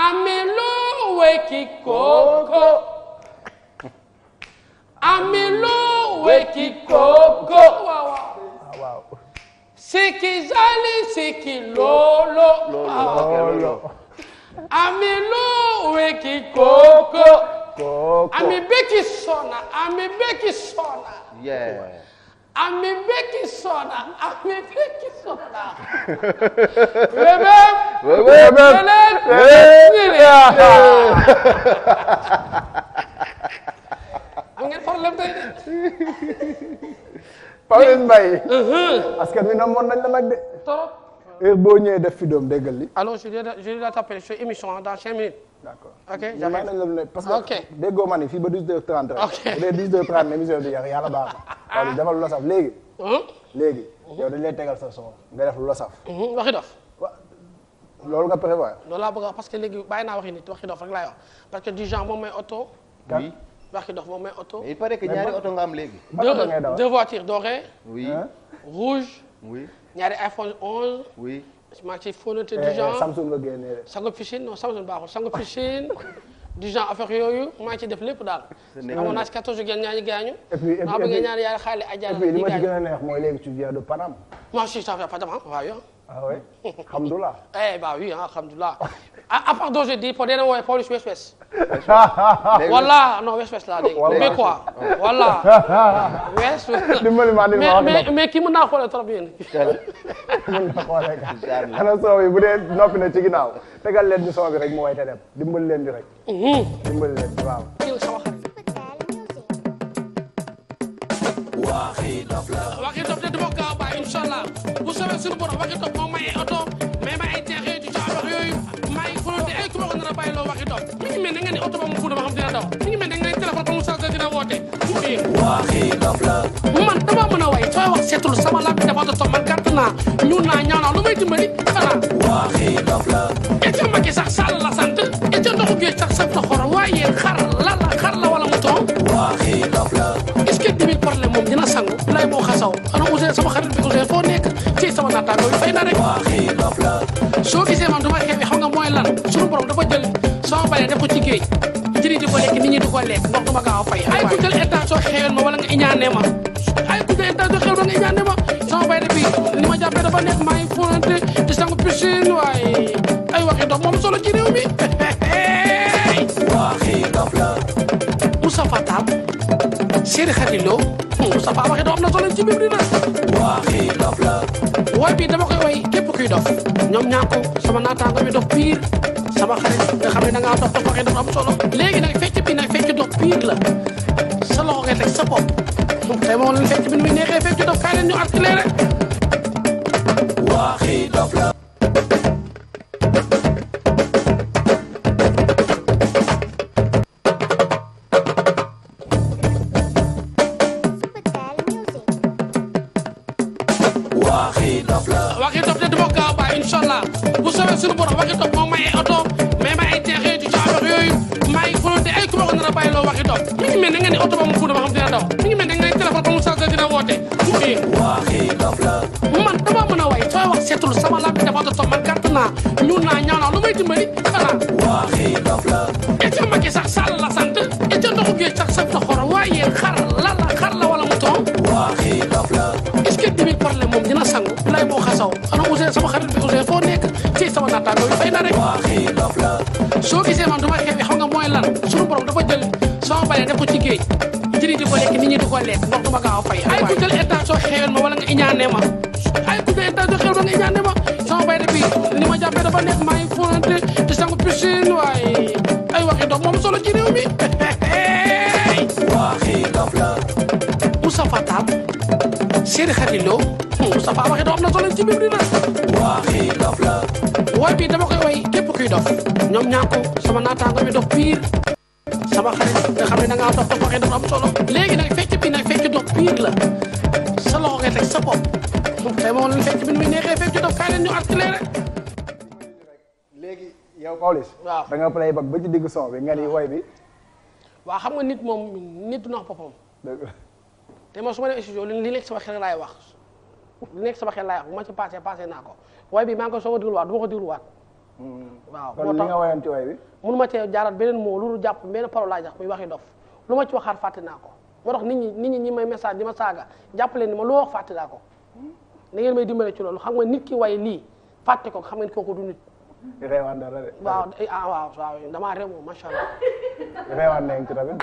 amelowe kikoko amelowe kikoko sikizali sikilolo amelowe kikoko amebeki sona amebeki sona. amebeki soda amebeki soda bebem bebem bebem am ngeen problème tey de Pauline Mbaye askan wi namoon la nag de trop heure boo ñëwee def fi doom déggal li alors je dois je dois t'appeler je suis émission dans cinq minutes d'accord ok jàmm nañ la parce que déggoo ma ne fii ba 12h30 rek bu dee 12h30 émission bi yàlla baax waaw ah. li defal lu la saf léegi. léegi yow dañ lay tegal sa son nga def lu la saf. waxi dof. loolu nga prévoir. loolu laa bëgg a parce que léegi bàyyi naa waxi nit waxi dof rek que du genre moom may oto. oui waxi dof moom may oto. il paraît que ñaari oto nga am léegi. deux deux voitures dorées. oui rouge. oui ñaari iPhone 11. oui maa ngi ciy fóonante du eh, eh, genre. Samsung nga génnee sangu piscine baaxul sangu piscine. du genre affaire yooyu maa ci def lépp daal. amoon naa si 14 gën ñaari gaañu. et puis et puis maa bëgg ñaari yaar xaale àjjana. et puis li ma ci gën a neex mooy léegi tu viens de Panam. moi je suis en Panam waaw yow. ah oui alhamdulilah. eh bah oui ah alhamdulilah ah à part dont je dis dina woowee Pawlish West West. wala non West West laa dégg. mais quoi wala. West West. dimbali maa dimbali maa mais mais kii mën naa xoolee trop yéen. mën naa xoolee kan. xanaa soo bi bu dee noppi na ci ginnaaw tegal leen ñu soo bi rek mu way te dem dimbali leen di rek. Mhm. dimbali leen di waaw. waxi dof la waxi dof de dama gaaw baa incha allah bu soobee suñu borom may oto mais may ay yooyu may fu ay ku ma ko nar a bàyyi mi ngi mel ne oto ba mu fuuda ba xam dina daw mi ngi mel ne nga ne mu chargé dina woote waxi man dama mën a way sooy wax seetul sama laaj bi dafa doto man gàtt naa ñu naa ñaaw naa lu may dimbali xanaa la et ca Macky sax Sall la sant et ca ndoxu géej sax sant xorom waaye xar la la sangu lay moo xasaw ana Ousseyn sama xarit bi Ousseyn foo nekk ci sama naataangoo yu fay na rek soo gisee man du ma xeebi xam nga mooy lan suñu borom dafa jël sama balee def ko ci géej jëriñ di ko lekk nit ñi di ko lekk ndox dama gaaw a fay ay ku jël état soo xeewel ma bi ni ma la Moussa Fatal Serigne Khady Lo Moustapha waxi dof am na solo ci biir dina waxi dof la way bi dama koy way képp kuy dof ñoom ñaako sama naataango mi dof piir sama xarit nga xam ne da ngaa dof dof waxi dof am solo léegi nag fecc bi nag fecc dof piir la sa loxo ngay teg sa bopp tey moom leen fecc bi nu muy neexee fecc dof kaay leen ñu doo waxi dof mi ngi mel ne nga ni oto ba mu fuuna ba xam dina daw mi ngi mel ne nga ni téléphone ba mu chargé dina woote mu xëy man dama mën a way sooy wax seetul sama laaj bi dafa doon man gàtt naa ñuul naa ñaaw naa lu may dimbali xanaa waxi dof la e ca Macky sax Sall la sant e ca ndoxu géej sax sant xorom waaye xar la la xar la wala mu toom waxi dof la est-ce que dimi problème moom dina sangu lay boo xasaw ana Ousseyn sama xarit bi Ousseyn foo nekk ci sama naataangoo yu fay na rek waxi dof la soo gisee man du ma xeebi xam nga mooy lan suñu borom pare def ko ci lekk nit ñi di lekk ndox ma gaaw a fay. ay ku jël intention xeewal ma wala nga iñaane ma ay ku jël intention xeewal ma nga iñaane ma sama bay de bi ni ma jàppee dafa nekk maa ngi fonante sangu piscine waaye ay waxi dof moom solo ci mi. waxi dof la. Moustapha Tall Seri Khady Lo Moustapha waxi dof am na solo ci biir dina. waxi dof la. waay bi dama koy way képp kuy dof ñoom ñaa ko sama naataango mi dof pire. sama xam ne da léegi nag fecc sa loxo nga sa bopp tey moom lañ fecc bi nu muy neexee fecc waaw da nga play ba ci digg son bi nga ni woy bi waaw xam nga nit moom nit du nax boppam te moom su ma def studio li nekk sama xel laay wax li nekk sama xel laay wax ma ci passé passé naa ko woy bi maa ngi ko soog a dégluwaat du ma ko dégluwaat waaw moo tax kon li nga woyoon ci way bi. mënu ma cee jaaraat beneen moo lu jàpp benn parole laa jax muy waxi dof lu ma ci waxaat fàtte naa ko moo tax nit ñi nit ñi ñi may message di ma saaga jàpp leen ni ma loo wax fàtte naa ko da ngeen may dimbale ci loolu xam nga nit ki way lii fàtte ko xam ngeen kooku du nit. reewaan waaw eh, ah waaw waaw damaa réew moom macha allah. reewaan nañ ci tamit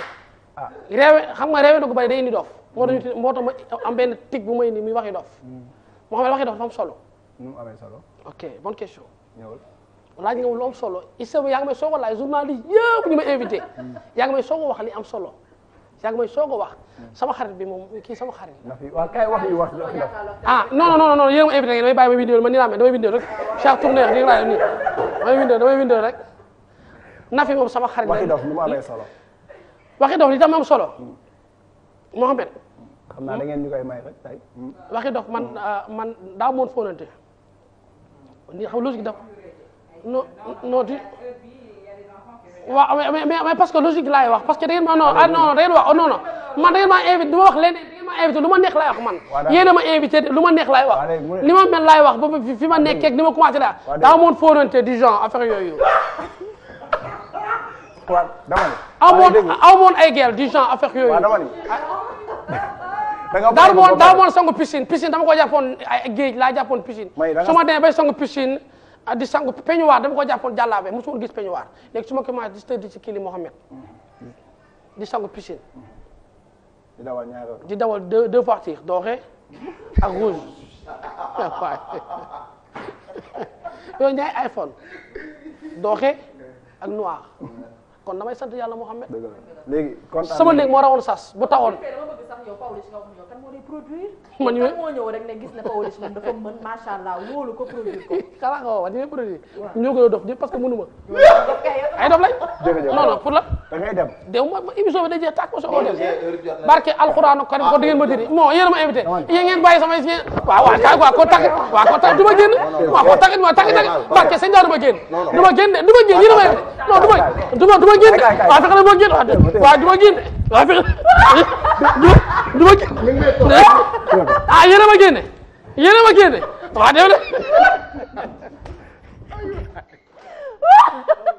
ah. réewe xam nga réewe dugg bari day indi dof. moo tax ñu moo tax ma am benn tig bu may indi muy waxi dof. Hmm. moo xam ne waxi dof dafa am solo. mu hmm, amee solo. ok bonne question. ñëwal. laaj nga lu am solo ISRA yaa ngi may soog a laaj journal yi yëpp ñu ma invité. yaa ngi may soog a wax li am solo. yaa ngi may soog a wax. sama xarit bi moom kii sama xarit. waaw kay wax yu wax ah non non non yéen a ma invité ngeen damay bàyyi ma vidéo ma nii laa mel damay vidéo rek chaque tournée rek nii laa def nii damay vidéo damay vidéo rek. Nafi moom sama xarit. waxi dof ni mu amee solo. waxi dof li tam am solo. Mohamed. xam naa da ngeen ñu koy may rek tey. waxi dof man ah, man daa moon fóonante. ni xam logique dafa. non non di waaw mais mais parce que logique laay wax parce que da ngeen ma non ah ngeen wax oh, non non man ngeen ma wax leneen da lu ma neex laay wax man. yéen a ma invité lu ma neex laay wax. li ma mel laay wax ba fi ma nekkee ak ni ma commencé daal daa amoon fóonante du genre affaire yooyu. waaw dama ni. amoon amoon ay guerre du genre affaire yooyu. waaw moon daa moon sangu piscine piscine ko jàppoon ay géej laa jàppoon piscine. may su ma demee bay sangu piscine. Ah, di sangu peignoir dama ko jàppoon jàllaabe mosu woon gis peignoir léegi su ma commencé di tëdd kii kili Mohamed di sangu piscine. di dawal ñaari oto di dawal deux deux voitures ak rouge waay yooyu ñaay iPhone dooxee ak noir kon damay sant yàlla Mohamed. dëgg la sama néeg moo rawoon sas bu tawoon. yow Pawlish moo lay ma dof ñëpp parce que mënu ay dof lañ. jërëjëf non non la. da ngay dem. déw ma émission bi day jeex a barke alxuraanu karim ko di ma diri bon yéen a ma invité. yéen ngeen bàyyi sama yéen. waaw waaw kay waaw koo tàkk waaw koo tàkk du de du ma génn ma invité non du ma du ma de waaw fexe na ma génn waaw du waaw fexe du du ma génne ah yéen a ma génne yéen a ma génne waaw def na